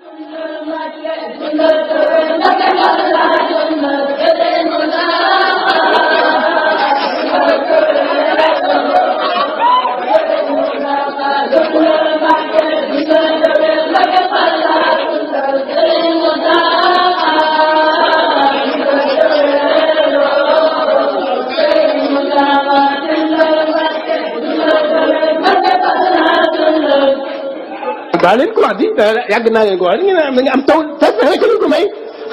Thank you. daa leen ko wax di yàgg naa leen ko wax di ngeen am da nga am taw tawfeex rek lañ ko may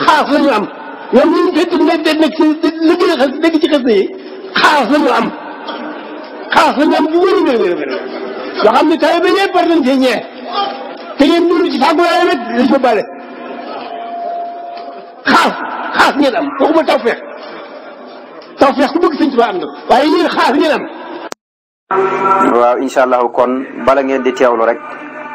xaas la ñu am ñoom ñun béykat yi nekk nekk si li gën a xas dégg ci xas yi xaas la ñu am xaas la ñu am bu wér wér wér yoo xam ne taw bi ñëpp war nañ cee ñëwee te ngeen mënu ci fàggu waaye rek dañ ko bale xaas xaas ngeen am waxuma tawfeex tawfeex ku bëgg sëñ Tuubaa am na waaye yéen xaas ngeen am. waaw incha allah kon bala ngeen di teewlu rek.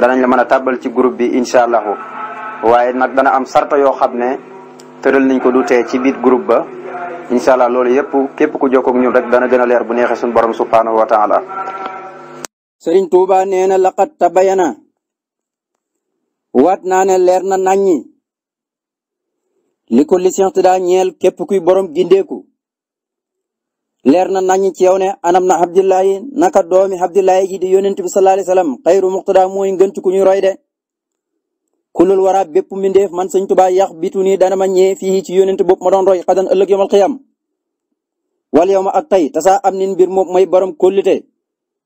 danañ la mën a tàbbal ci groupe bi incha allahu waaye nag dana am sarta yoo xam ne tëral nañ ko du te ci biir groupe ba incha allah loolu yëpp képp ku jokkoog ñun rek dana gën a leer bu neexee suñu borom subhaanahu wa taala sëriñ Tuuba nee na laqat tabayana waat naa ne leer na naññi li ko licenc daa ñeel képp kuy borom gindeeku leer na nañ ci yow ne anam na abdillahi naka doomi abdillahi ji di yonent bi sallallahu alayhi wasallam xayru muqtada mooy ngën ci ñu roy de kulul wara bépp mbindeef man sëñ Tuubaa yax bitu nii dana ma ñee fii ci yonent bopp ma doon roy xadan ëllëg yawmal qiyaam wal yow ma ak tey tasa am nin mbir moom mooy borom kóllite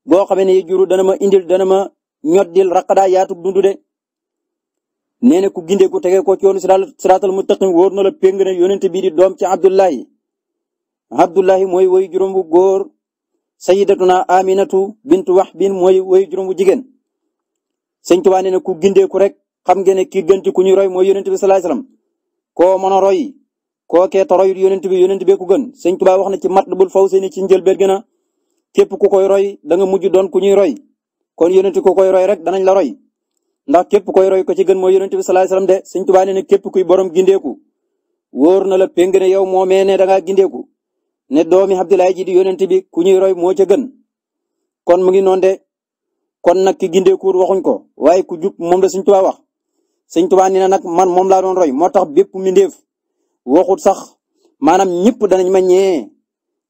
goo xamee ne yi dana ma indil dana ma ñoddil raqadaa yaatug dundu de nee na ku gindee ku tegee ko ci yoonu siraatal mustaqim wóor na la péng ne yonent bii di doom ci abdullahi abdullahi mooy woy juróom bu góor sayidatuna aminatu bintu waxbin mooy woy juróom bu jigéen sëñ Tuubaa nee ku gindeeku rek xam ngeen ne kii gën ci ku roy mooy yonent bi sallallahu alayhi wasallam koo mën a roy koo kee te royut yonent bi yonent bee ku gën sëñ Tuubaa wax na ci Matlabul Fawzayni ci njëlbeen gën a képp ku koy roy da nga mujj doon ku ñuy roy kon yonent ku koy roy rek danañ la roy ndax képp koy roy ko ci gën mooy yonent bi sallallahu alayhi de sëñ Tuubaa nee na képp kuy borom gindeeku wóor na la péng ne yow moo mee da ngaa gindeeku ne doomi Abdoulaye ji di yonent bi ku ñuy roy moo ca gën kon mu ngi noonu de kon nag ki gindeekuur waxuñ ko waaye ku jub moom la Sëñ Tuubaa wax Sëñ Tuubaa nee na nag man moom laa doon roy moo tax bépp mbindéef waxut sax maanaam ñëpp danañ ma ñee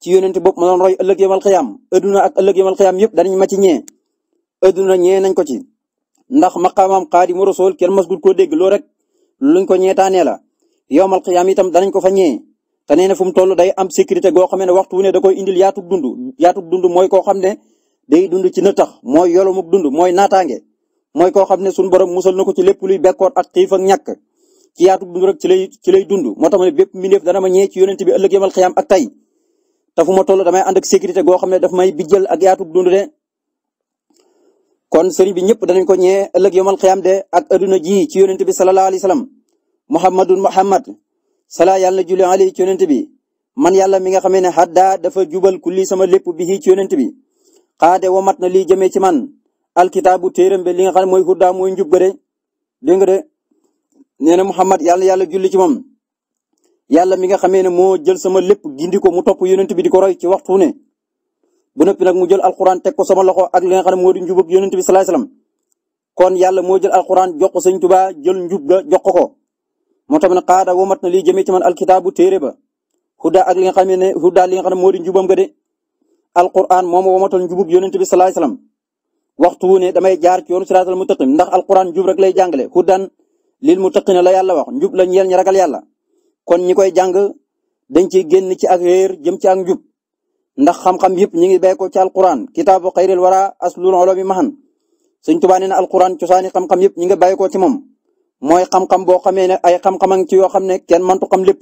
ci yonent bopp ma doon roy ëllëg yemal xiyaam adduna ak ëllëg yemal xiyaam yëpp danañ ma ci ñee adduna ñee nañ ko ci ndax maqaamam Xaadimu Rasuul ken masgul koo dégg loo rek luñ ko ñeetaanee la yowmal xiyaam itam danañ ko fa ñee te nee na fu mu toll day am sécurité goo xam ne waxtu wu ne da koy indil yaatug dund yaatug dund mooy koo xam ne day dund ci na tax mooy yolomuk dund mooy naataange mooy koo xam ne suñu borom musal na ko ci lépp luy bekkoor ak xiif ak ñàkk ci yaatug dund rek ci lay ci lay dund moo tax ma ne bépp mbindeef dana ma ñee ci yonent bi ëllëg yemal xiyaam ak tey ta fu ma toll damay ànd ak sécurité goo xam ne daf may bijjal ak yaatug dund de kon sëriñ bi ñëpp danañ ko ñee ëllëg yemal xiyaam de ak adduna ji ci yonent bi sallallahu alayhi wasallam muhammadun muhammad salaa yàlla na julli alayhi ci yonent bi man yàlla mi nga xamee ne xaddaa dafa jubal kulli sama lépp bi ci yonent bi xaade wa mat na lii jëmee ci man alkitaabu téeram bi li nga xam ne mooy huddaa mooy njub ga de dégg nga de nee Muhammad yàlla yàlla julli ci moom yàlla mi nga xamee ne moo jël sama lépp gindi ko mu topp yonent bi di ko roy ci waxtu ne bu noppi nag mu jël alquran teg ko sama loxo ak li nga xam ne moo di njubug yonent bi salaay salaam kon yàlla moo jël alquran jox ko sëñ Tuubaa jël njub ga jox ko ko moo tax ne xaada womat na lii jëmee ci man alkitaabu téere ba hudaa ak li nga xam ne hudaa li nga xam ne moo di njubam ga de alquran moom womatal njubub yonent bi salaay salaam waxtu wu ne damay jaar ci yoonu siraatal mustaqim ndax alquran njub rek lay jàngale hudan lil muttaqina la yàlla wax jub la ñeel ñi ragal yàlla kon ñi koy jàng dañ ciy génn ci ak réer jëm ci ak njub ndax xam-xam yëpp ñi ngi bay ko ci alquran kitaabu xayril wara aslul ulumi mahan Sëñ Tuubaa nee na alquran cosaani xam-xam yëpp ñi nga bàyyi ko ci moom mooy xam-xam boo xamee ne ay xam-xamang ci yoo xam ne kenn mëntu xam lépp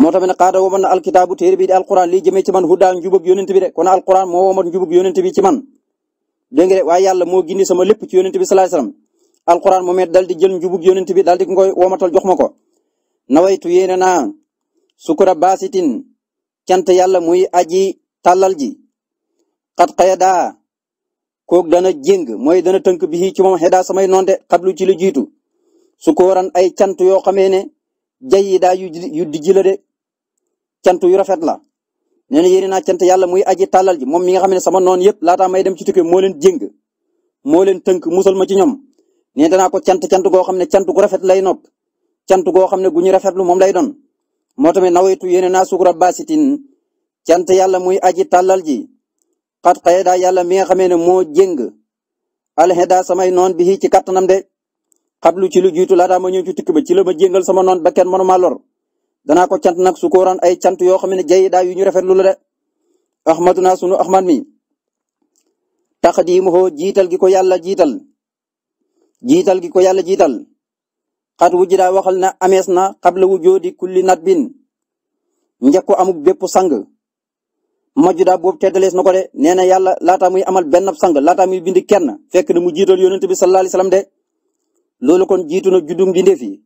moo tamit ne xaada woomat na alkitaabu téere bi di alquran lii jëmee ci man hudaal njubug yonent bi de kon alquran moo woomat njubug yonent bi ci man dégg nga de waaye yàlla moo gindi sama lépp ci yonent bi salaay salaam alquran moom it dal di jël njubug yonent bi dal di koy woomatal jox ma ko nawaytu yéene naa sukura baasitin cant yàlla muy aji tàllal ji xat xaya daa kook dana jéng mooy dana tënk bi ci moom xedaa samay noon de xablu ci lu jiitu su ko waran ay cant yoo xamee ne jayi daa yu dijji la de cant yu rafet la nee na yéene naa cant yàlla muy aji tàllal ji moom mi nga xam ne sama noon yëpp laataa may dem ci tukki moo leen jéng moo leen tënk musal ma ci ñoom nee danaa ko cant cant goo xam ne cantu gu rafet lay nok cant goo xam ne gu ñu rafetlu moom lay doon moo tamit nawetu yéene naa sukura basitin cant yàlla muy aji tàllal ji xat xaye daa yàlla mi nga xamee ne moo jéng da samay noon bi ci kattanam de xablu ci lu jiitu laataa ma ñëw ci tukki ba ci ma jéngal sama noon ba kenn mënuma lor danaa ko cant nag su ay cant yoo xam ne jay daa yu ñu rafetlu la de ahmaduna sunu ahmad mi taqdiimuhu jiital gi ko yàlla jiital jiital gi ko yàlla jiital xat wu ji daa waxal na amees na xabla wu joodi kulli nat bin njëkko amuk bépp sang majjudaa boobu teddalees na ko de nee na yàlla laataa muy amal benn sang laataa muy bindi kenn fekk na mu jiital yonent bi sallallahu alayhi wasallam de loolu kon jiitu na juddum bindéef yi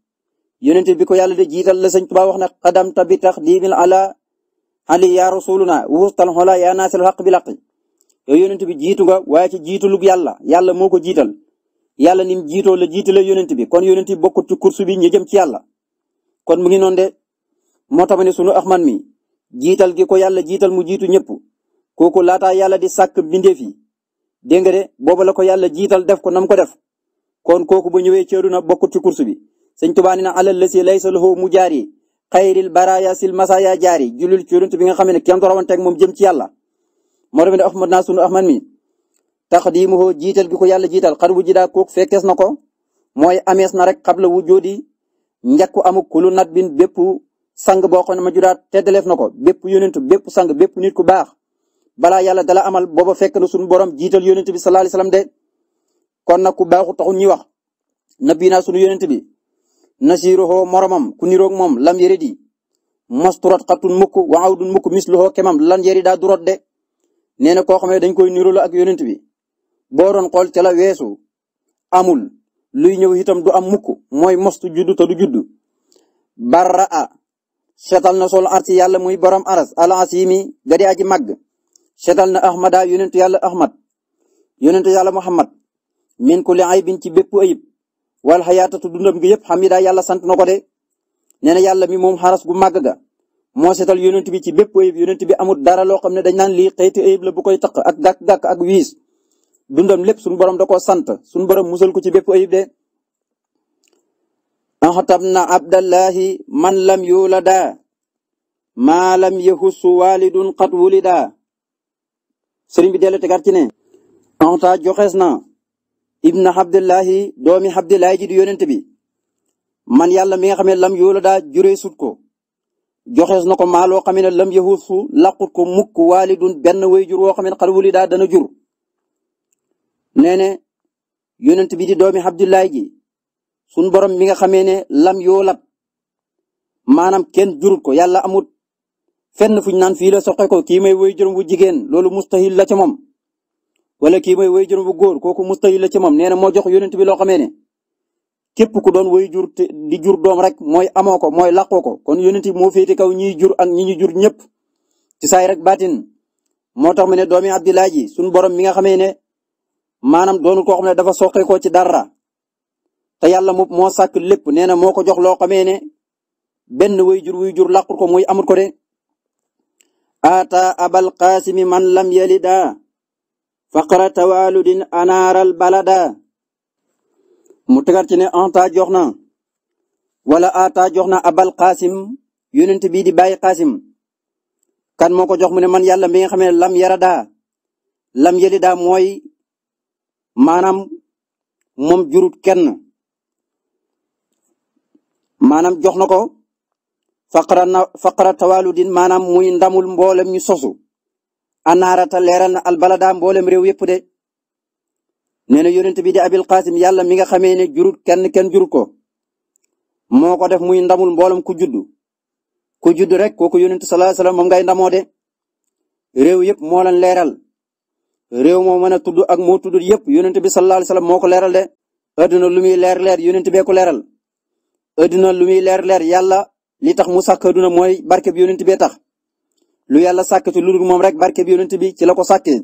yonent bi ko yàlla de jiital la sëñ Tuubaa wax ne xadam tabi taxdimin ala ali ya rasuluna wustal xola ya naasirul xaq bil xaq yow yonent bi jiitu nga waaye ci jiitalug yàlla yàlla moo ko jiital yàlla nim jiitoo la jiitale yonent bi kon yonent bi bokkut ci course bi ñu jëm ci yàlla kon mu ngi noonu de moo tax ma ne sunu axman mi jiital gi ko yàlla jiital mu jiitu ñëpp kooku laataa yàlla di sàkk bindeef yi dégg nga de boobu la ko yàlla jiital def ko nam ko def kon kooku bu ñëwee ceedu na bokkut ci course bi sëñ Tuubaa na alal la si laysa lahu mu jaari xayril baraya sil masaya jaari julul ci yonent bi nga xam ne kenn du rawanteeg moom jëm ci yàlla moo tax ne ahmad naa sunu ahmad mi taqdimuhu jiital gi ko yàlla jiital xar bu jidaa kooku fekkees na ko mooy amees na rek xabla wu jóodi njëkku amuk kulu nat bin sang boo xam ne ma juraat teddaleef na ko bépp yonent bépp sang bépp nit ku baax balaa yàlla dala amal booba fekk na suñu borom jiital yonent bi sallallahu alayhi wasallam de kon nag ku baaxu taxul ñuy wax nabi naa sunu yonent bi nasiruhu moromam ku niroog moom lam yaridi mosturat xatun mukk wa awdun mukk misluhu kemam lan yarida durot de nee na koo xam ne dañ koy niru ak yonent bi boo doon xool ca la weesu amul luy ñëw itam du am mukk mooy mostu juddu te du juddu barra setal na sol arsi yàlla muy borom aras al asimi gadi aji màgg setal na ahmada yonentu yàlla ahmad yonentu yàlla muhammad min kulli aybin ci bépp ayib wal xayaatatu dundam gi yëpp xamida yàlla sant na ko de nee yàlla mi moom xaras gu màgg moo setal yonent bi ci bépp ayib yonent bi amul dara loo xam ne dañ naan lii xeeti ayib la bu koy taq ak gàkk-gàkk ak wiis dundam lépp suñu borom da koo sant suñu borom musal ko ci bépp ayib de axtab na abdallahi man lam yulada maa lam yahusu walidun qad wulida sëriñ bi dellu tegaat ci ne axta joxees na ibn abdullahi doomi abdullahi ji di yonent bi man yàlla mi nga xam ne lam yulada juree sut ko joxees na ko maa loo xam ne lam yahusu laqut ko mukk walidun benn way jur woo xam ne qad wulida dana jur nee ne yonent bi di doomi abdullahi ji sun borom mi nga xamee ne lam yoo lab maanaam kenn jurut ko yàlla amut fenn fuñ naan fii la soqe kii may woy juróom bu jigéen loolu mustahil la ci moom wala kii may woy juróom bu góor kooku mustahil la ci moom nee na moo jox yonent bi loo xamee ne képp ku doon woy jur di jur doom rek mooy amoo ko mooy làqoo ko kon yonent bi moo féete kaw ñiy jur ak ñi ñu jur ñëpp ci saay rek baatin moo tax mu ne doomi Abdilaaji sunu borom mi nga xamee ne maanaam doonul koo xam ne dafa soqe ko ci dara te yàlla moom moo sàkk lépp nee na moo ko jox loo xamee ne benn way jur wuy jur làqul ko muy amut ko de ata abal qaasimi man lam yalida faqra tawaludin anaaral balada mu tegar ci ne anta jox na wala ata jox na abal qaasim yonent bii di bàyyi qaasim kan moo ko jox mu ne man yàlla mi nga xam ne lam yarada lam yalida mooy maanaam moom jurut kenn maanaam jox na ko faqra na faqra tawaludin maanaam muy ndamul mboolem ñu sosu anaarata leeral na albalada mboolem réew yëpp de nee na yonent bi di abil qasim yàlla mi nga xamee ne jurut kenn kenn jurut ko moo ko def muy ndamul mboolem ku judd ku judd rek kooku yonent sallallahu alayhi mom ngay ndamoo de réew yëpp moo leen leeral réew moo mën a tudd ak moo tudd yëpp yonent bi sallallahu alayhi wasallam moo ko leeral de adduna lu muy leer leer leeral adduna lu leer leer yàlla li tax mu sàkk adduna mooy barke bi tax lu yàlla sàkk lu dul moom rek barke bi bi ci la ko sàkkee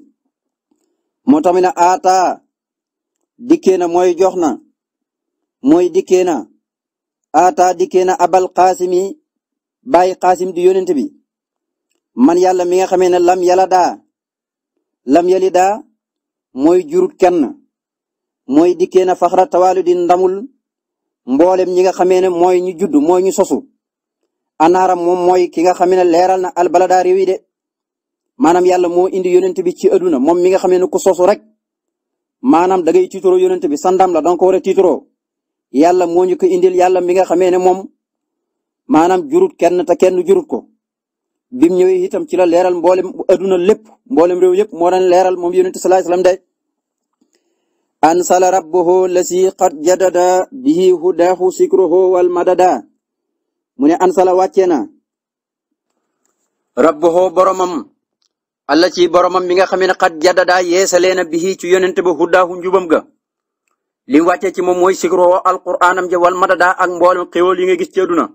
moo tax mi ne aataa dikkee na mooy jox na mooy dikkee na aataa dikkee na abal qaasimi bàyyi qaasim di bi man yàlla mi nga xamee ne lam yàlla daa lam yali daa mooy jurut kenn mooy dikkee na faxra tawaalu di ndamul mboolem ñi nga xamee ne mooy ñu judd mooy ñu sosu anaaram moom mooy ki nga xamee ne leeral na albalada réew yi de maanaam yàlla moo indi yonent bi ci aduna moom mi nga xamee ne ku sosu rek maanaam da ngay tiituroo yonent bi sa ndam la danga ko war yàlla moo ñu ko indil yàlla mi nga xamee ne moom maanaam jurut kenn te kenn jurut ko bim ñëwee itam ci la leeral mboolem aduna lépp mboolem réew yëpp moo daan leeral moom yonent sallallahu alayhi de ansala rabbuhu lasi qad jadada bihi hudahu sikruhu wal madada mu ne ansala wàccee na rabbuhu boromam alla ci boromam mi nga xam ne qad jadada yeesalee na bihi ci yonente ba hudahu njubam ga li mu wàccee ci moom mooy sikruhu alquraanam ja wal madada ak mboolem xéwal yi nga gis ci àdduna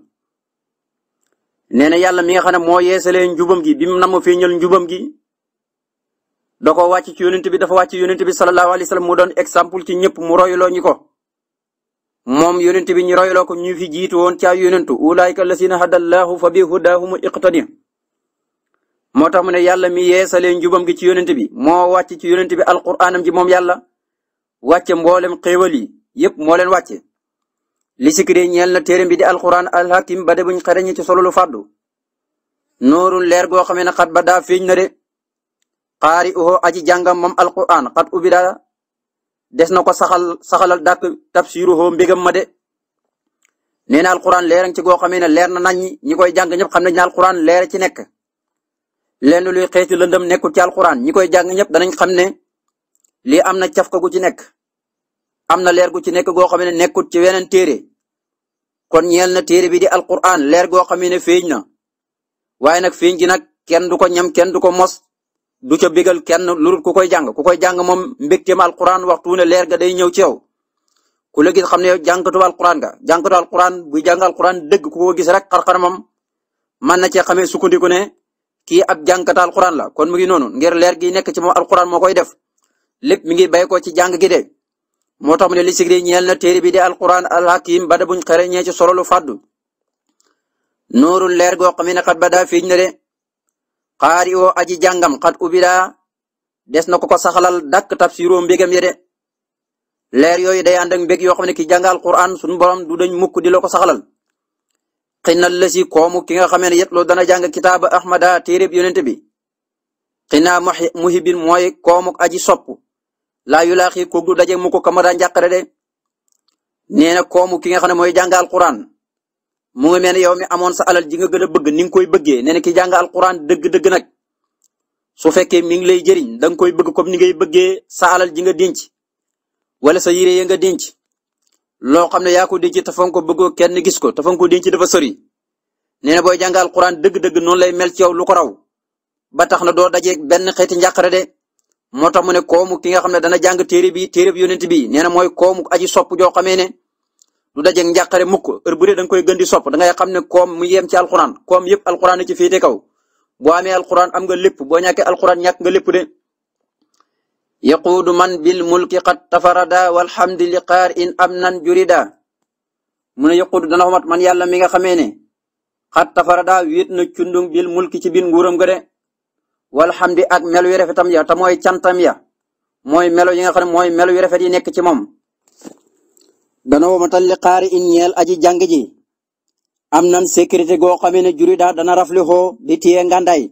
nee yàlla mi nga xam ne moo yeesalee njubam gi bi mo namm feeñal njubam gi da ko wàcc ci yonent bi dafa wàcc yonent bi sallallahu alayhi wasallam mu doon exemple ci ñëpp mu royloo ñi ko moom yonent bi ñu royloo ko ñu fi jiitu woon ca yonentu ulaayka lasina hadallahu fa bi hudahumu iqtadi moo tax mu ne yàlla mi yeesalee njubam gi ci yonent bi moo wàcc ci yonent bi alquraanam ji moom yàlla wàcce mboolem xéewal yi yépp moo leen wàcce li sikkiree ñeel na téeram bi di alquraan alhakim ba de buñ xereñi ci solo lu fàddu noorul leer goo xamee ne ba daa feeñ na de xaari uxoo aji jàngam moom alquran xat ubida des na ko saxal saxalal dàkk tafsiruhoo mbégam ma de nee na alquran leer ci goo xamee ne leer na nañ ñi koy jàng ñëpp xam ne alquran leer ci nekk lenn luy xeeti lëndëm nekkul ci alquran ñi koy jàng ñëpp danañ xam ne lii am na cafka gu ci nekk am na leer gu ci nekk goo xam nekkul ci weneen téere kon ñeel na téere bi di alquran leer goo xam ne feeñ na waaye nag feeñ gi nag kenn du ko ñam kenn du ko mos du ca ken kenn lurut ku koy jàng ku koy jàng moom mbégteem alquran waxtu ne leer ga day ñëw ci yow ku la gis xam ne yow jàngkatu alquran nga jàngkatu alquran buy jàng alquran dëgg ku ko gis rek xar-xar moom mën na cee xamee sukkandiku ne kii ab jàngkatu alquran la kon mu ngi noonu ngir leer gi nekk ci moom alquran moo koy def lépp mi ngi bay ko ci jàng gi de moo tax mu ne li sigri na téere bi di alquran alhakim bada buñ xere ñee ci solo lu fàddu leer goo xam ne xat ba daa fiñ xaari oo aji jàngam xat ubida des na ko ko saxalal dàkk tafsiroo mbégam ya de leer yooyu day ànd ak mbég yoo xam ne ki jàngal Qur'an sunu borom du mukk di la ko saxalal xinal la si koomu ki nga xamee ne yëpp loo dana jàng kitaaba ahmada téereb yonent bi xinaa muhibin mooy koomuk aji sopp laa yu laaxi koog du daje mukk kama daa njàqare de nee na koomu ki nga xam ne mooy jàngal Qur'an mu ngi mel ne yow mi amoon sa alal ji nga gën a bëgg ni nga koy bëggee nee na ki jàng alquran dëgg-dëgg nag su fekkee mi ngi lay jëriñ da nga koy bëgg comme ni ngay bëggee sa alal ji nga denc wala sa yére ya nga denc loo xam ne yaa ko denc te fa nga ko bëggoo kenn gis ko te fa nga ko dafa sori nee na booy jàng alquran dëgg-dëgg noonu lay mel ci yow lu ko raw ba tax na doo dajeeg benn xeeti njàqare de moo tax mu ne koomu ki nga xam ne dana jàng téere bi téere bi yonent bi nee mooy koomu aji sopp joo xamee ne du dajeeg njàqare mukk heure bu dee koy gën di sopp da ngay xam ne koom mu yem ci alxuraan koom yëpp alxuraan ci féete kaw boo amee alxuraan am nga lépp bo ñàkkee alxuraan ñàkk nga lépp de yaquudu man bil mulki qad tafarada walhamdi li in am nan jurida mu ne yaquudu dana xomat man yàlla mi nga xamee ne xat tafarada wéet na cundung bil mulki ci biir nguuram ga de walhamdi ak melu yu rafetam ya te mooy cantam ya mooy melo yi nga xam ne mooy melu yu rafet yi nekk ci moom dana womatal li xaari in ñeel aji jàng ji am nan sécurité goo xamee ne juri daa dana rafli xoo di téye ngàndaay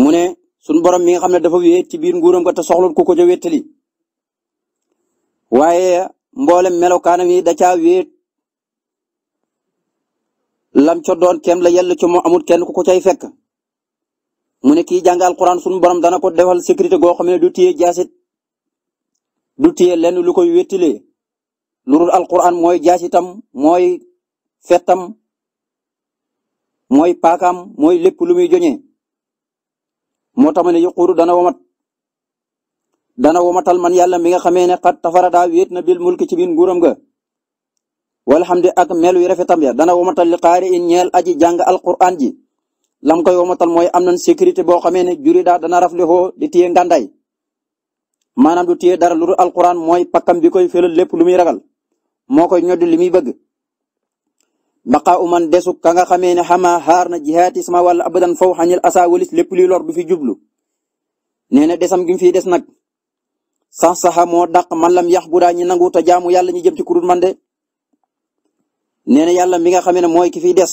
mu ne sunu borom mi nga xam ne dafa wéet ci biir nguuram ga te soxlul ku ko ja wéttali waaye mboolem melokaanam yi da ca wéet lam co doon kem la yell ci moom amul kenn ku ko cay fekk mu ne kii jàng alquran sunu borom dana ko defal sécurité goo xam ne du téye du téye leen lu koy wéttilee lu dul alquran mooy jaasitam mooy fettam mooy paakaam mooy lépp lu muy joñee moo tax ma ne yuquudu dana womat dana womatal man yàlla mi nga xamee ne xat tafara daa wéet na bil mulki ci biir nguuram ga walhamdi ak melu yu rafetam ya dana womatal li qaari in ñeel aji jàng alquran ji lam koy womatal mooy am nañ sécurité boo xamee ne juri daa dana raflexoo di téye ngàndaay maanaam du téye dara lu dul alquran mooy pakkam bi koy fëlal lépp lu muy ragal moo koy ñoddi li muy bëgg. baqaa uman desu ka nga xamee ne xamaa xaar na jihaati sama wàll abadan faw xañil asa walis lépp luy lor du fi jublu. nee na desam gi fi des nag. sax saxa moo dàq man lam yax bu daa ñi nangu ta jaamu yàlla ñi jëm ci kurut man de. nee na yàlla mi nga xamee ne mooy ki fiy des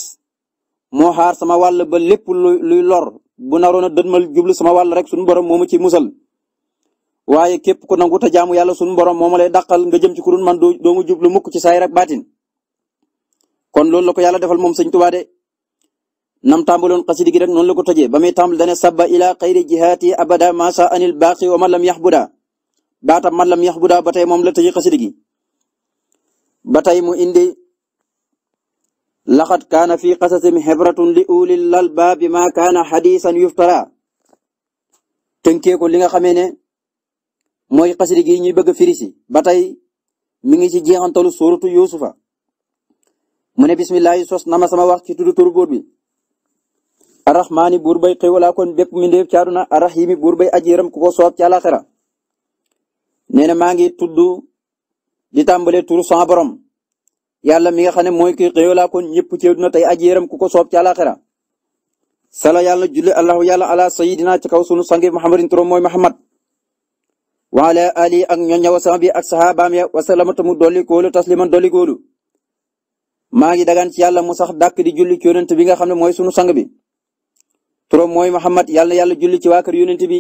moo xaar sama wàll ba lépp luy lor bu naroon a dënmal jublu sama wàll rek sunu borom moomu ci musal. waaye képp ku nangu te jaamu yàlla sunu borom moom lay dàqal nga jëm ci kurun man doo nga jublu mukk ci saay rek baatin kon loolu la ko yàlla defal moom sëñ Tuubaa de nam tàmbaloon xasidi gi rek noonu la ko tojee ba muy tàmbal dane sabba ila xayri jihaati abada masa anil baaqi wa man lam yaxbuda baata man lam yaxbuda ba tey moom la tëjee xasidi tey mu indi laxat kaana fi xasasim xibratun li ulil albaabi ma kaana xadisan yuftara tënkee ko li nga mooy xasida gi ñuy bëgg firi si ba tey mi ngi ci jeexantalu sóoratu yusufa mu ne bismillahi sos na ma sama wax ci tuddu turu buur bi arrahmaani buur bay xéewalaa kon bépp mindeef ci àdduna arrahimi buur bay aji ku ko soob ci àlaxira nee na maa ngi tudd di tàmbale turu sama borom yàlla mi nga xam ne mooy ki xéewalaa kon ñëpp ci àdduna tey aji yërëm ku ko soob ci àlaxira sala yàlla julli allahu yàlla ala sayidina ci kaw sunu sangi muhammadin turam mooy muhammad wa ala ali ak ñoña wa sama bi ak saxaabaam ya wa salaamatu mu dolli kóolu tasliman dolli kóolu maa ngi dagaan ci yàlla mu sax dàkk di julli ci yonent xam ne mooy sunu sang bi turam mooy Muhammad yàlla na yàlla julli ci waa kër yonent bi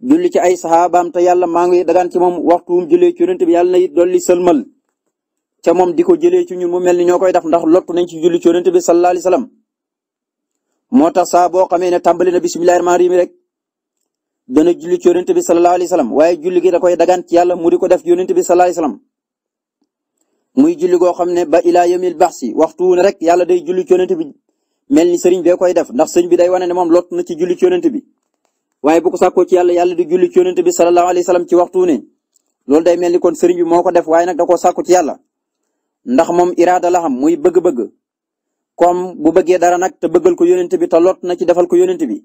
julli ci ay saxaabaam te yàlla maa ngi dagaan ci moom waxtuum jullee ci yonent bi yàlla na dolli sëlmal ca moom di ko jëlee ci ñun mu mel ni ñoo koy def ndax lottu nañ ci julli ci yonent bi sallallahu alayhi wasallam moo tax saa boo xamee ne tàmbali na bismillahir rahmanir rahim rek dana julli ci yonent bi sallallahu alayhi wa sallam waaye julli gi koy dagaan ci yàlla mu di ko def yonent bi sallallahu alayhi wa muy julli goo xam ne ba ilaa yamil baxsi waxtu wu ne rek yàlla day julli ci yonent bi mel ni sëriñ bee koy def ndax sëriñ bi day wane ne moom lot na ci julli ci yonent bi waaye bu ko sàkkoo ci yàlla yàlla di julli ci yonent bi sallallahu alayhi wa sallam ci waxtu wu ne loolu day mel ni kon sëriñ bi moo ko def waaye nag da koo sàkku ci yàlla ndax moom iraada la xam muy bëgg-bëgg comme bu bëggee dara nag te bëggal ko yonent bi te na ci defal ko yonent bi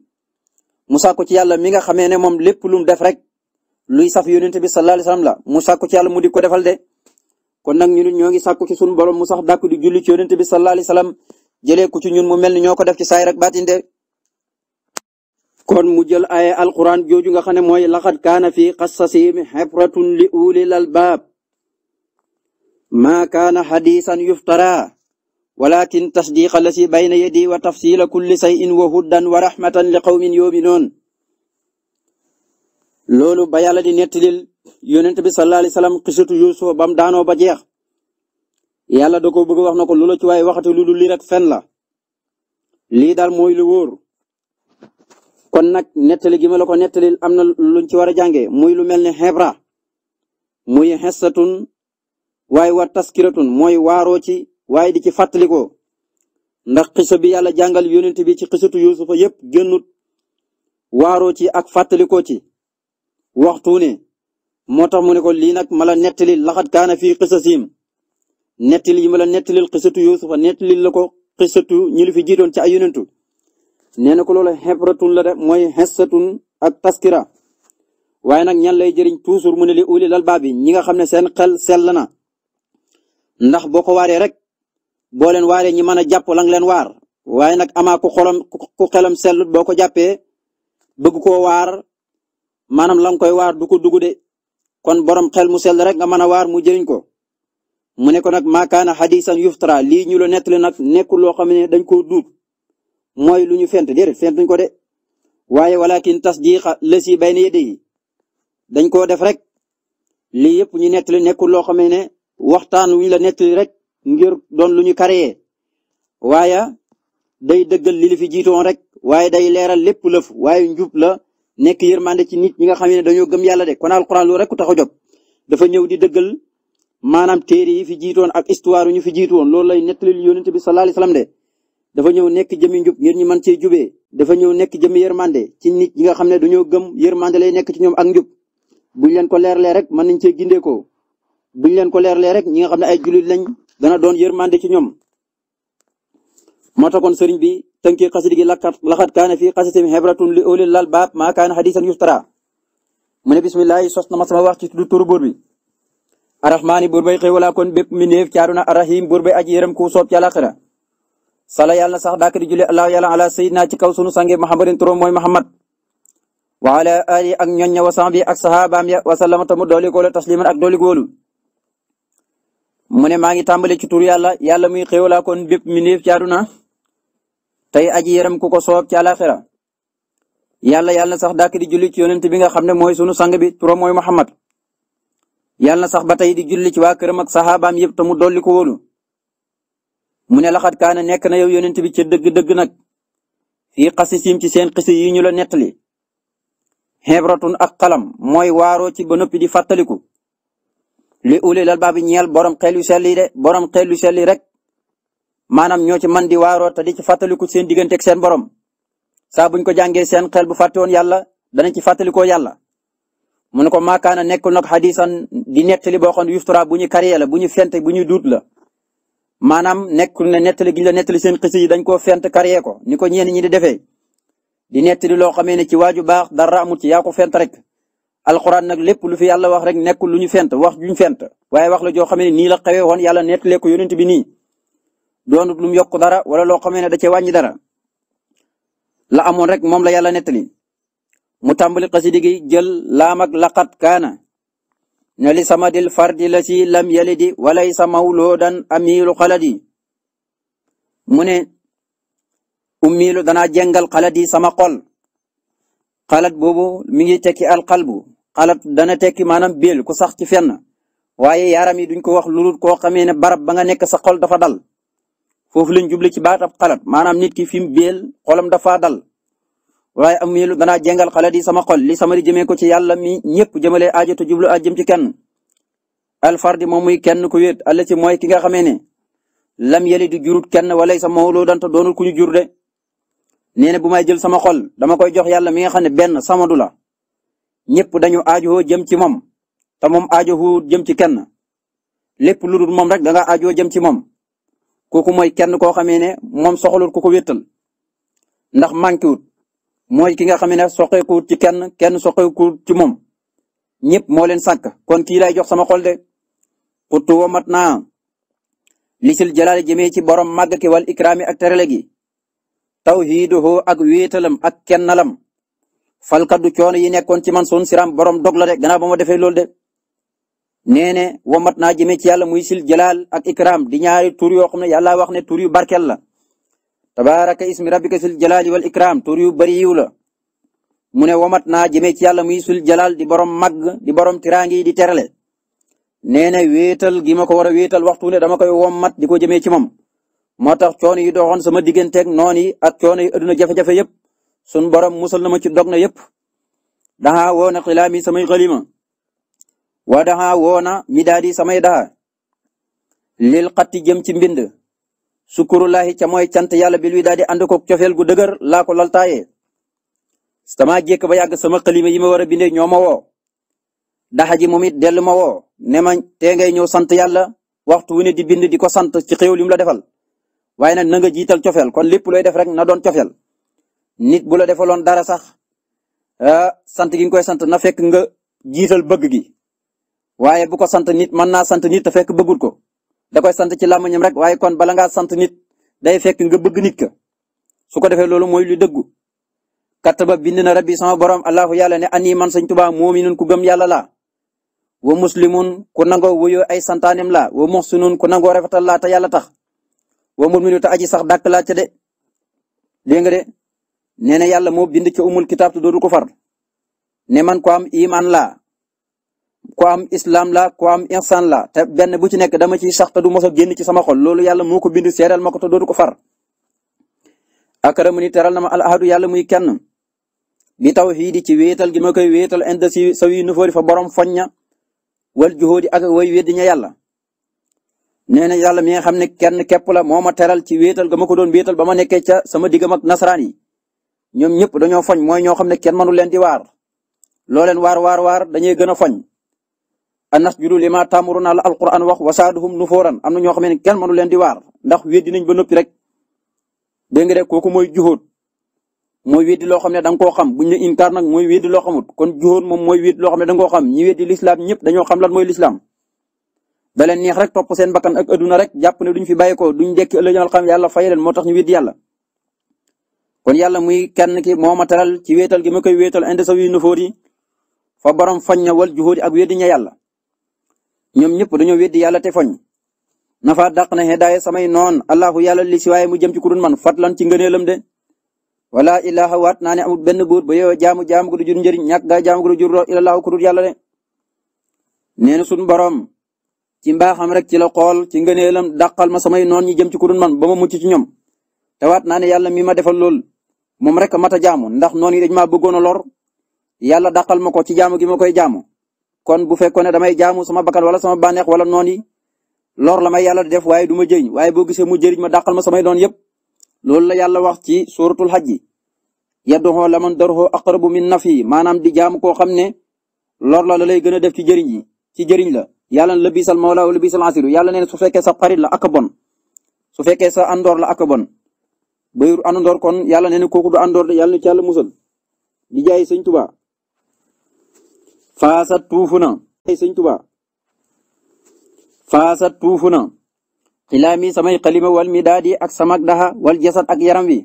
mu ko ci yàlla mi nga xamee ne moom lépp lu mu def rek luy saf yonent bi sallallahu alayhi la mu sàkku ci yàlla mu di ko defal de kon nag ñun ñoo ngi sàkku ci sunu borom mu sax dàkk di julli ci yonent bi sallallahu alayhi wasallam jëlee ko ci ñun mu mel ni ñoo ko def ci saay rek baatin de kon mu jël ay alquran jooju nga xam ne mooy laqad kaana fi qasasihim xibratun li ulil albaab maa kaana xadisan yuftara walakin tasdiqa la si bayna yadi wa tafsila kulli sayin wa huddan wa rahmatan li qawmin yuminoon loolu ba yàlla di nettalil yonent bi sallallahu alayhi wasallam xisatu yusuf bam daanoo ba jeex yàlla da ko bëgg wax na ko lu ci waaye waxatu lu dul lii rek fen la lii daal mooy lu wóor kon nag nettali gi ma la am na luñ ci war a jàngee muy lu mel ne xebra muy xessatun waaye wa taskiratun mooy waaroo ci waaye di ci fàttalikoo ndax xisa bi yàlla jàngal yonent bi ci xisatu yusufa yépp génnut waaroo ci ak fàttalikoo ci waxtu ne moo tax mu ne ko lii nag ma la nettali laxat kaana fii xisasiim nettali yi ma la nettalil xisatu yusufa nettali la ko xisatu ñi lu fi jiitoon ci ay yonentu nee na ko loolu xebratun la de mooy xessatun ak taskira waaye nag ñan lay jëriñ toujours mu ne li uli lal baa bi ñi xam ne seen xel sell na ndax boo ko waaree rek boo leen waaree ñi mën a jàpp la nga leen waar waaye nag amaa ku xolam ku xelam sellut boo ko jàppee bëgg koo waar maanaam la koy waar du ko dugg de kon borom xel mu sel rek nga mën a waar mu jëriñ ko mu ne ko nag maakaana xadisan yuftara lii ñu la nettali nag nekkul loo xam ne dañ koo duut mooy lu ñu fent déedéet fentuñ ko de waaye walakin tasdiqa lësi bayna yadihi dañ koo def rek lii yëpp ñu nettali nekkul loo xam ne waxtaan wi la nettali rek ngir doon lu ñu créer waaye day dëggal li li fi jiitoon rek waaye day leeral lépp lëf waaye njub la nekk yërmande ci nit ñi nga xam ne dañoo gëm yàlla de kon alquran loolu rek ku job a dafa ñëw di dëggal maanaam téere yi fi jiitoon ak histoire ñu fi jiitoon loolu lay nettali yonent bi sallallahu alayhi wasallam de dafa ñëw nekk jëmi njub ngir ñu mën cee jubee dafa ñëw nekk jëmi yërmande ci nit ñi nga xam ne dañoo gëm yërmande lay nekk ci ñoom ak njub buñ leen ko leerlee rek mën nañ cee gindee ko buñ leen ko leerlee rek ñi nga xam ne ay jullit lañ dana doon yërmande ci ñoom moo taxoon sëriñ bi tënkee xasida gi lakat laxat kaane fii xasitim hebratun li ulil lal baab maa kaane xadisan yuftara mu ne bismillahi sos na ma sama wax ci tudd turu buur bi arrahmaani buur bay kon bépp mi néef caadu na arrahim buur bay ku soob ci àlaxira sala yàlla na sax dàkk di julli allah yàlla ala sayyidina ci kaw sunu sange muhammadin turam mooy muhammad wa ala ñoñ ña wa sahbi ak sahabaam ya wa sallama tamu dooli ko mu ne maa ngi tàmbale ci tur yàlla yàlla muy xéewalaa kon bépp mindeef ci àdduna tey aji yaram ku ko soob ci àlaxira yàlla yàlla sax dàkk di julli ci yonent bi nga xam ne mooy sunu sang bi turam mooy Muhammad yàlla sax ba tey di julli ci waa këram ak saxaabaam yëpp te mu dolli ko wóolu mu ne laxat kaana nekk na yow yonent bi ca dëgg-dëgg nag fii sim ci seen xisi yi ñu la nettali xebratun ak kalam mooy waaroo ci ba noppi di fàttaliku li uli ulil albaabi ñeel borom xel yu sell yi de borom xel yu sell rek maanaam ñoo ci man di waaroo ta di ci fàttaliku seen diggante ak seen borom saa buñ ko jàngee seen xel bu fàtte woon yàlla danañ ci fàttalikoo yàlla. mu ne ko maakaana nekkul nag xadisan di nettali boo xam ne yuftura bu ñu kariyee la bu ñu fent bu ñu duut la maanaam nekkul ne nettali gi ñu nettali seen xis yi dañ koo fent kariyee ko ni ko ñenn ñi di defee di nettali loo xamee ne ci waaju baax dara amul ci yaa ko fent rek. alxuraan nag lépp lu fi yàlla wax rek nekk lu ñu fent wax juñ fent waaye wax la joo xam ne nii la xewee woon yàlla nettalee ko yonent bi ni doonut lu mu yokk dara wala loo xamee ne da cee wàññi dara la amoon rek moom la yàlla nettali mu tàmbali xasida gi jël laam ak laqat kaana ne li samadil fardi la si lam yalidi walay sa mawloodan amiilu xaladi mu ne ummiilu danaa jengal xaladi sama xol xalat boobu mi ngi tekki alqalbu xalaat dana tekki maanaam béel ko sax ci fenn waaye yaaram yi duñ ko wax lu dul koo xamee ne barab ba nga nekk sa xol dafa dal foofu lañ juble ci baatab xalaat maanaam nit ki fi mu béel xolam dafa dal waaye am miilu danaa jengal xalaat yi sama xol li sama di jëmee ko ci yàlla mi ñëpp jëmale aajatu jublu aj jëm ci kenn alfardi moom muy kenn ku wéet alla ci mooy ki nga xamee ne lam yeli di jurut kenn walay sa mawloo danta doonul ku ñu jur de nee na bu may jël sama xol dama koy jox yàlla mi nga xam ne benn sama du ñëpp dañu aajoo jëm ci moom te moom aajowul jëm ci kenn lépp lu dul moom rek da nga aajoo jëm ci moom kooku mooy kenn koo xamee ne moom soxalul ku ko wéttal ndax manqué wut mooy ki nga xam ne soqeekuwut ci kenn kenn soqeekuwut ci moom ñëpp moo leen sàkk kon kii lay jox sama xol de xuttu wa mat naa lisil jalaale jëmee ci borom màgg ki wal ikraami ak terele gi tawhiduhu ak wéetalam ak kennalam falkaddu coono yi nekkoon ci man sun siram borom dog la de gannaaw ba ma defee loolu de nee ne wamat naa jëmee ci yàlla muy sil jalaal ak ikram di ñaari tur yoo xam ne yàlla wax ne tur yu barkel la tabaraka ismi rabbika sil jalaali wal ikram tur yu bari yiw la mu ne wamat naa jëmee ci yàlla muy sul jalaal di borom mag di borom tiraangi di terale nee na wéetal gi ma ko war a wéetal waxtu ne dama koy wommat di ko jëmee ci moom moo tax coono yi doxoon sama digganteeg noon yi ak coono yi adduna jafe yëpp sun borom musal na ma ci dog na yépp daxa woo na samay xalima wa daxa woo na midaadi samay daxa lil xatti jëm ci mbind sukurulahi ca mooy cant yàlla bi wi daal di ànd cofel cofeel gu dëgër laa ko laltaayee dama jékk ba yàgg sama xalima yi ma war a bindee ñoo ma woo ji moom it dellu ma wo nema ma tee ngay ñëw sant yàlla waxtu wu ne di bind di ko sant ci xéew li mu la defal waaye nag na nga jiital cofeel kon lépp looy def rek na doon cofel nit bu la defaloon dara sax ah, sant gi koy sant na fekk nga jiital bëgg gi waaye bu ko sant nit mën naa sant nit te fekk bëggul ko da sant ci làmmiñam rek waaye kon bala ngaa sant nit day fekk nga bëgg nit ka su ko defee loolu mooy lu dëggu kataba bind na rabbi sama borom allahu yàlla ne ani man sëñ Tuubaa moominun ku gëm yàlla laa wa muslimun ku nangoo wuyoo ay santaanem laa wa muxsinun ku nangoo rafetal laa te yàlla tax wa mu'minun te aji sax dàkk laa ca de dégg nga nee na yàlla moo bind ci umul kitaab te dootu ko far ne man ko am iman laa ko am islam la ko am ihsan la te benn bu ci nekk dama ciy sax du mos a génn ci sama xol loolu yàlla moo ko bind seeral ma ko te dootu ko far akaramu ni teral na ma al ahadu yàlla muy kenn gi bi tawxiidi ci wéetal gi ma koy wéetal inda si sawi nufoori fa borom foñña wal juhóodi ak way weddi ña yàlla nee na yàlla mi nga xam ne kenn képp la moo ma teral ci wéetal ga ma ko doon wéetal ba ma nekkee ca sama diggam ak nasaraan yi ñoom ñëpp dañoo fañ mooy ñoo xam ne kenn mënu leen di waar loo leen waar waar waar dañuy gën a foñ anas judu lima taamuruna la alquran wax wasaaduhum nufooran am na ñoo xam ne kenn mënu leen di waar ndax weddi nañ ba noppi rek dégg nga de kooku mooy juhóot loo xam ne da koo xam buñ ne inkaar nag mooy weddi loo xamut kon moom mooy weddi ne da nga koo xam ñi weddi lislaam ñëpp dañoo xam lan mooy lislaam da leen neex rek topp seen bakkan ak adduna rek jàpp ne duñ fi bàyyi ko duñ a ëllëg xam yàlla fay leen moo tax ñu weddi yàlla kon yàlla muy kenn ki moo ma teral ci weetal gi ma koy wéetal indi sa wi nufoor fa borom fañ na wal juhóodi ak weddi ña yàlla ñoom ñëpp dañoo weddi yàlla te foñ na fa na hidaaya samay noon allahu yàlla li si waaye mu jëm ci kurun man fatlan ci ngëneelam de wala ilaha waat naa ne amul benn buur ba yow jaamu jaamu gu du jur njëriñ ñàkk gaa jaamu gu du jur ilallahu de nee na suñu borom ci mbaaxam rek ci la xool ci ngëneelam dàqal ma samay noon ñi jëm ci kurun man ba mucc ci ñoom te waat naa ne yàlla mi ma defal lool moom rek mat a jaamu ndax noonu yi dañ maa bëggoon a lor yàlla dàqal ma ko ci jaamu gi ma koy jaamu kon bu fekkoon ne damay jaamu sama bakkan wala sama bànneex wala noonu yi lor la may yàlla def waaye duma ma jëriñ waaye boo gisee mu jëriñ ma dàqal ma samay noon yëpp loolu la yàlla wax ci suratul hajji yadduhoo laman darhoo aqrabu min nafi maanaam di jaamu koo xam ne lor la lay gën a def ci jëriñ yi ci jëriñ la yàlla la biisal mawla wala biisal asiru yàlla neen su fekkee sa xarit la ak bon su fekkee sa andoor la ak bon bëy àndandoor kon yàlla nee na kooku du àndoor de yàlla na ci yàlla musal di jaay sëñ Tuubaa faasat tuufu na jaay sëñ Tuubaa faasat tuufu samay xalima wal mi daa ak samak daxa wal jasad ak yaram wi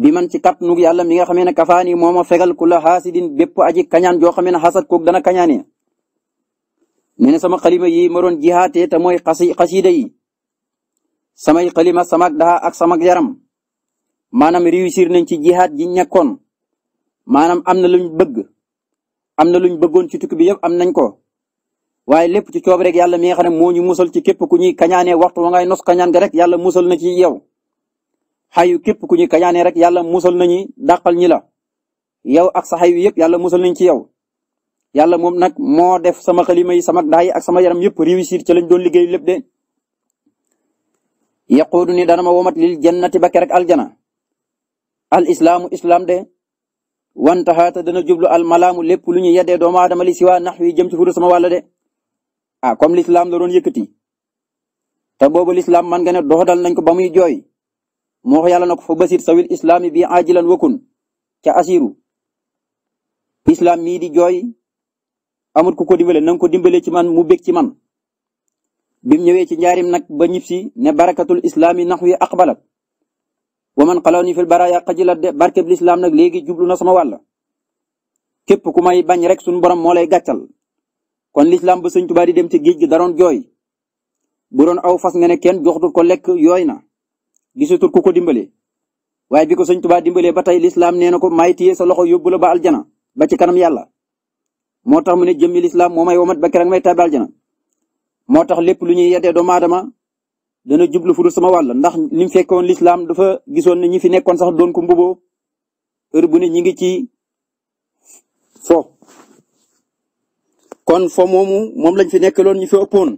bi man nug yàlla mi nga xamee ne kafaani moo ma fegal ku la xaasidin bépp aji kañaan joo xamee ne xasat koog dana kañaane nee na sama xalima yi ma doon jihaatee te mooy xasi yi samay xalima samak daxa ak samak yaram maanaam réussir nañ ci jihaad ji ñekkoon maanaam am na luñ bëgg am na luñ bëggoon ci tukki bi yëpp am nañ ko waaye lépp ci coob rek yàlla mi nga xam ne moo ñu musal ci képp ku ñuy kañaanee waxtu wa ngay nos kañaan nga rek yàlla musal na ci yow xayu képp ku ñuy kañaanee rek yàlla musal nañu dàqal ñi la yow ak sa xayu yëpp yàlla musal nañ ci yow yàlla moom nag moo def sama xalima yi sama daay ak sama yaram yëpp réussir ci lañ doon liggéey lépp de yaquudu ni dana ma womat lil jannati ba kerek aljana al islaamu islam de wantaxaata dana jublu al malaamu lépp lu ñu yeddee doomu aadama li siwaa nax wi jëm ci fudu sama wàll de ah comme l'islam la doon yëkkati te boobu l'islam man nga ne doxadal nañ ko ba muy jooy moo wax yàlla na ko fa basir sawil islaami bi ajilan wakun ca asiru islam mii di jooy amut ku ko dimbale na ko dimbale ci man mu bég ci man bi ñëwee ci njaarim nag ba ñib si ne barakatul islaami nax wi aqbalat wa man xalaw ni fil baraya xajilat de barkeb lislaam nag léegi jublu na sama wàll képp ku may bañ rek suñu borom moo lay gàccal kon lislaam ba sëñ Tuubaa di dem ci géej gi daroon jooy bu aw fas nga ne kenn joxutul ko lekk yooy na gisatul ku ko dimbale waaye bi ko sëñ Tuubaa dimbalee ba tey lislaam nee na ko may sa loxo yóbbu la ba aljana ba ci kanam yàlla moo tax mu ne jëmmi lislaam moo may womat ba keroog may tàbbi aljana moo tax lépp lu ñuy yeddee doomu aadama dana jublu fu sama wàll ndax ni mu fekkoon lislaam dafa gisoon ne ñi fi nekkoon sax doon ko mbuboo heure bu ne ñi ngi ci fo kon fo mom moom lañ fi nekkaloon ñu fi ëppoon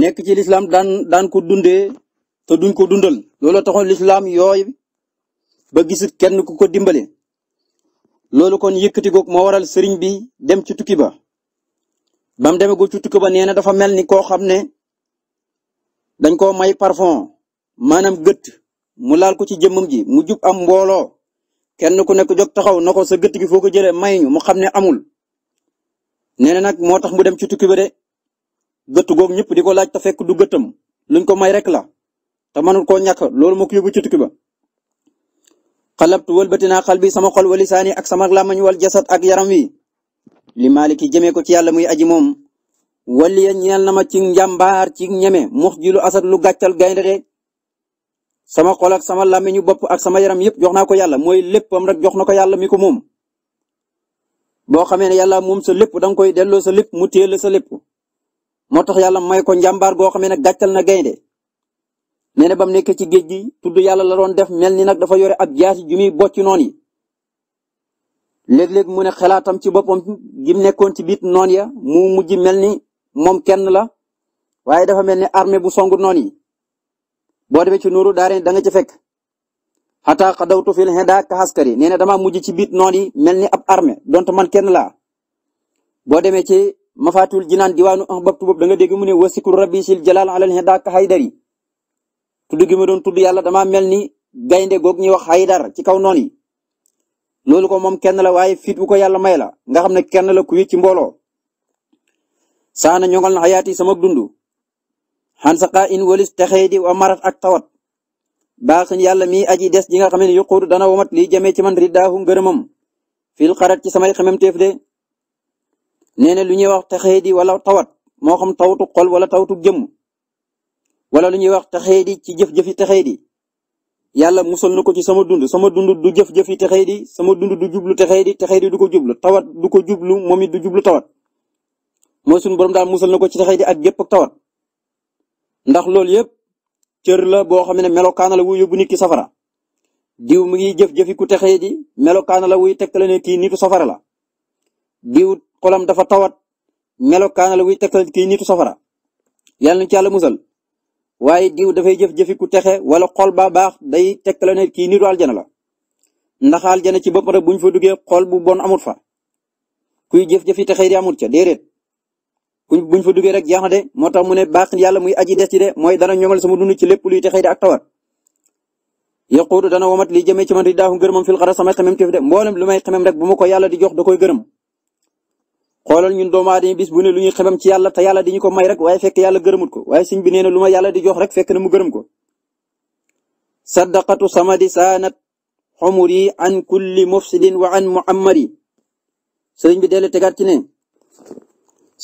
nekk ci lislaam daan daan ko dundee te duñ ko dundal loolu taxoon lislaam yooyu ba gisul kenn ku ko dimbale loolu kon yëkkati goog moo waral sëriñ bi dem ci tukki ba mu demee ko ci tukki ba nee na dafa mel ni koo xam ne dañ koo may parfum maanaam gët mu laal ko ci jëmmam ji mu jub am mbooloo kenn ku nekk jóg taxaw na ko sa gët gi foo ko jëlee may ñu mu xam ne amul. nee na nag moo tax mu dem ci tukki de gët googu ñëpp di ko laaj te fekk du gëtam luñ ko may rek la te mënul koo ñàkk loolu moo ko yóbbu ci tukki ba. xalabtu wëlbati naa xal bi sama xol walisaani ak sama làmmañ wal jasad ak yaram wi. li maaliki jëmee ko ci yàlla muy aji moom waliya ñeel na ma ci njàmbaar ci ñeme mux ji lu asat lu gàccal gaynde de sama xol ak sama làmmiñu bopp ak sama yaram yëpp jox naa ko yàlla mooy léppam rek jox na ko yàlla mi ko moom boo xamee ne yàlla moom sa lépp danga koy delloo sa lépp mu téel sa lépp moo tax yàlla may ko njàmbaar goo xamee ne gàccal na gaynde nee na ba nekk ci géej gi tudd yàlla la doon def mel ni nag dafa yore ab jaasi ju muy bocc noon yi léeg-léeg mu ne xalaatam ci boppam gim nekkoon ci biit noon ya mu mujj mel ni moom kenn la waaye dafa mel ni armée bu songu noon yi boo demee ci nuuru daare da nga ci fekk xataa xadawtu fil heda ka askari nee na dama mujj ci biit noon yi mel ni ab armée donte man kenn laa boo demee ci mafaatul jinaan diwaanu ah babtu boobu da nga dégg mu ne wasikul rabbi sil jalaal alal heda ka haydari tudd gi ma doon tudd yàlla dama mel ni gaynde goog ñuy wax haydar ci kaw noon yi loolu ko moom kenn la waaye fit bu ko yàlla may la nga xam ne kenn la ku ci mbooloo. saana ñongal na xayaati sama dundu. xan saqa in walis texee di wa marat ak tawat. baaxin yàlla mi aji des ji nga xam ne yuquudu dana womat li jamee ci man riddaahu ngërëmam. fil xarat ci samay xememteef de. nee na lu ñuy wax texee di wala tawat moo xam tawtu xol wala tawtu jëmm. walla lu ñuy wax texee di ci jëf-jëfi texee di. yàlla musal na ko ci sama dund sama dund du jëf-jëf yi texee di sama dund du jublu te di texee di du ko jublu tawat du ko jublu moom it du jublu tawat mooy suñu borom daal musal na ko ci texee di ak gépp ak tawat ndax loolu yëpp cër la boo xam ne melokaana la wuy yóbbu nit ki safara diw mi ngi jëf-jëfi ku texee di melokaana la wuy tegtale ne kii nitu safara la diw xolam dafa tawat melokaana la wuy tegtale kii nitu safara yàlla na ci yàlla musal waaye diw dafay jëf-jëfi ku texe wala xol ba baax day tekkale ne kii nitu aljana la ndax aljana ci boppam rek bu ñu fa duggee xol bu bon amut fa kuy jëf-jëfi texe di amut ca déedéet kuñ buñ fa duggee rek jeex de moo tax mu ne baax yàlla muy aji des ci de mooy dana ñoŋal sama dund ci lépp luy texe di ak tawat yaquudu dana womat li jëmee ci man ridaahu fil xara samay xemem tiif de mboolem lu may xemem rek bu ma ko yàlla di jox da koy gërëm xoolal ñun doomu aadama bis bu ne lu ñuy xemam ci yàlla te yàlla di ñu ko may rek waaye fekk yàlla gërëmut ko waaye sëñ bi nee lu ma yàlla di jox rek fekk na mu gërëm ko saddaqatu samadi saanat xumuri an kulli mufsidin wa an muhammadi sëriñ bi dellu tegaat ci ne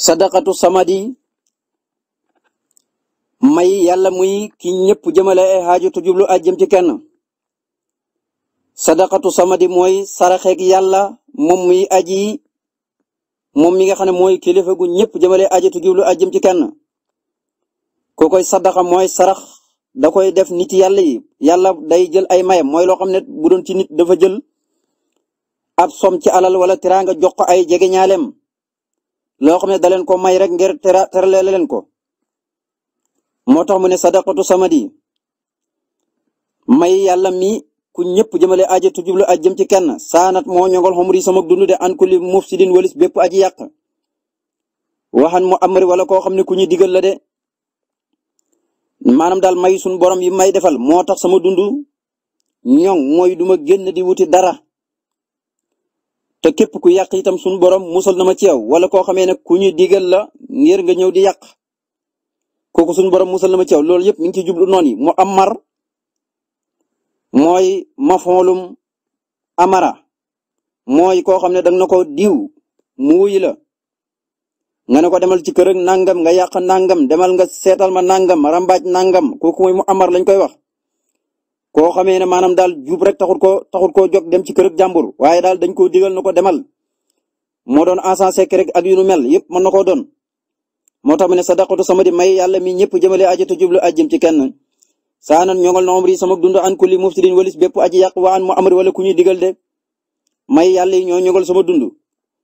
saddaqatu samadi may yàlla muy ki ñëpp jëmale ay xaaju te jublu aj jëm ci kenn saddaqatu samadi mooy saraxeeg yàlla moom muy aji moom mi nga xam ne mooy kilifa gu ñëpp jëmale ajatu jublu ajjëm ci kenn ku koy sadaxa mooy sarax da koy def nit yàlla yi yàlla day jël ay mayam mooy loo xam ne bu doon ci nit dafa jël ab som ci alal wala teraanga jox ko ay jege ñaaleem loo xam ne da leen ko may rek ngir tera terale leen ko moo tax mu ne sadaqatu samadi may yàlla mi ku ñëpp jëmale aja tu jublu aj jëm ci kenn saanat moo ñongol xomri sama dund de an kulli mufsidin walis bépp aji yàq waxan mu amri wala koo xam ne ku ñu digal la de maanaam daal may suñ borom yi may defal moo tax sama dund ñoŋ mooy duma génn di wuti dara te képp ku yàq itam suñ borom musal na ma ci wala koo xamee ne ku ñu digal la ngir nga ñëw di yàq kooku suñ borom musal na ma ci yow loolu yëpp mi ngi ci jublu yi mu amar mooy mafoolum amara mooy koo xam ne danga na ko diw mu wuy la nga ne ko demal ci kër ak nangam nga yàq nangam demal nga seetal ma nangam rambaaj nangam kooku mooy mu amar lañ koy wax. koo xamee ne maanaam daal jub rek taxut koo taxut koo jóg dem ci kër ak jàmbur waaye daal dañ koo digal na ko demal moo doon encensé rek ak yu nu mel yëpp mën na koo doon. moo tax mu ne sadaqatu sama di may yàlla mi ñëpp jëmale aji te jublu aj jëm ci kenn. saanan ñongal na sama dund an kulli mufsidin walis bépp aji yàq wa an mu amri wala ku ñuy digal de may yàlla yi ñoo ñongal sama dund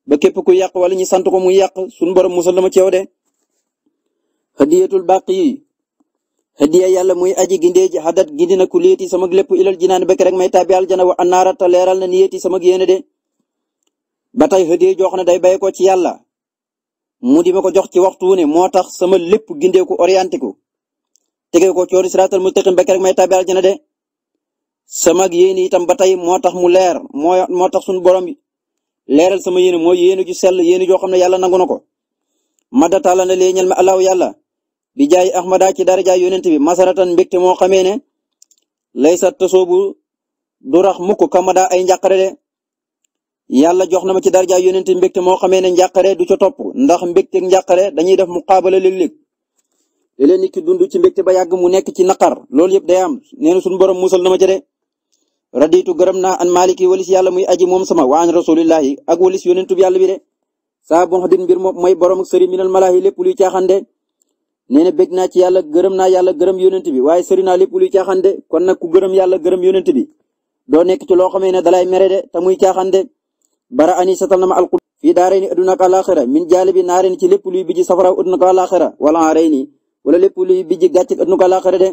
ba képp ku yàq wala ñi sant ko mu yàq suñu borom musal dama ceew de hadiyatul baqi yi hadiya yàlla muy aji gindee ji hadat gindi na ku liiti sama lépp ilal jinaan bekk rek may tàbbi aljana wa annaara ta leeral na niyeeti sama yéene de ba tey hadiya day bay ko ci yàlla mu di ma ko jox ci waxtu wu ne moo tax sama lépp gindee ku orienté ko tege ko ci yoonu siraatal mustaqim bekk rek may tàbbi aljana de sama yéene itam ba tey moo tax mu leer moo moo tax suñu borom leeral sama yéene mooy yéene ju sell yéene joo xam ne yàlla nangu na ko madda taala na lee ñal ma allahu yàlla bi jaay ahmada ci daraja yonent bi masaratan mbégte moo xamee ne laysa tasoobu du rax mukk kamada ay njàqare de yàlla jox na ma ci daraja yonent mbégte moo xamee ne njàqare du ca topp ndax mbégteeg njàqare dañuy def muqaabala léeg-léeg léeg-léeg nit dund ci mbégte ba yàgg mu nekk ci naqar lool yëpp day am nee na suñu borom musal na ma ca de raditu gërëm naa an maliki walis yàlla muy aji moom sama wa waan rasulillahi ak walis yonentu bi yàlla bi de saa bon din mbir moom mooy borom ak sëri minal malaahi lépp luy caaxaan de nee na bég naa ci yàlla gërëm naa yàlla gërëm yonent bi waaye sëri naa lépp luy caaxaan de kon nag ku gërëm yàlla gërëm yonent bi doo nekk ci loo xamee ne dalay mere de te muy caaxaan de bara ani satal na ma alqul fii daarayni adduna ak alaxira min jaalibi naarin ci lépp luy biji safara adduna ak alaxira wala arayni wala lépp luy bijji gàcce ak nu ko laaxare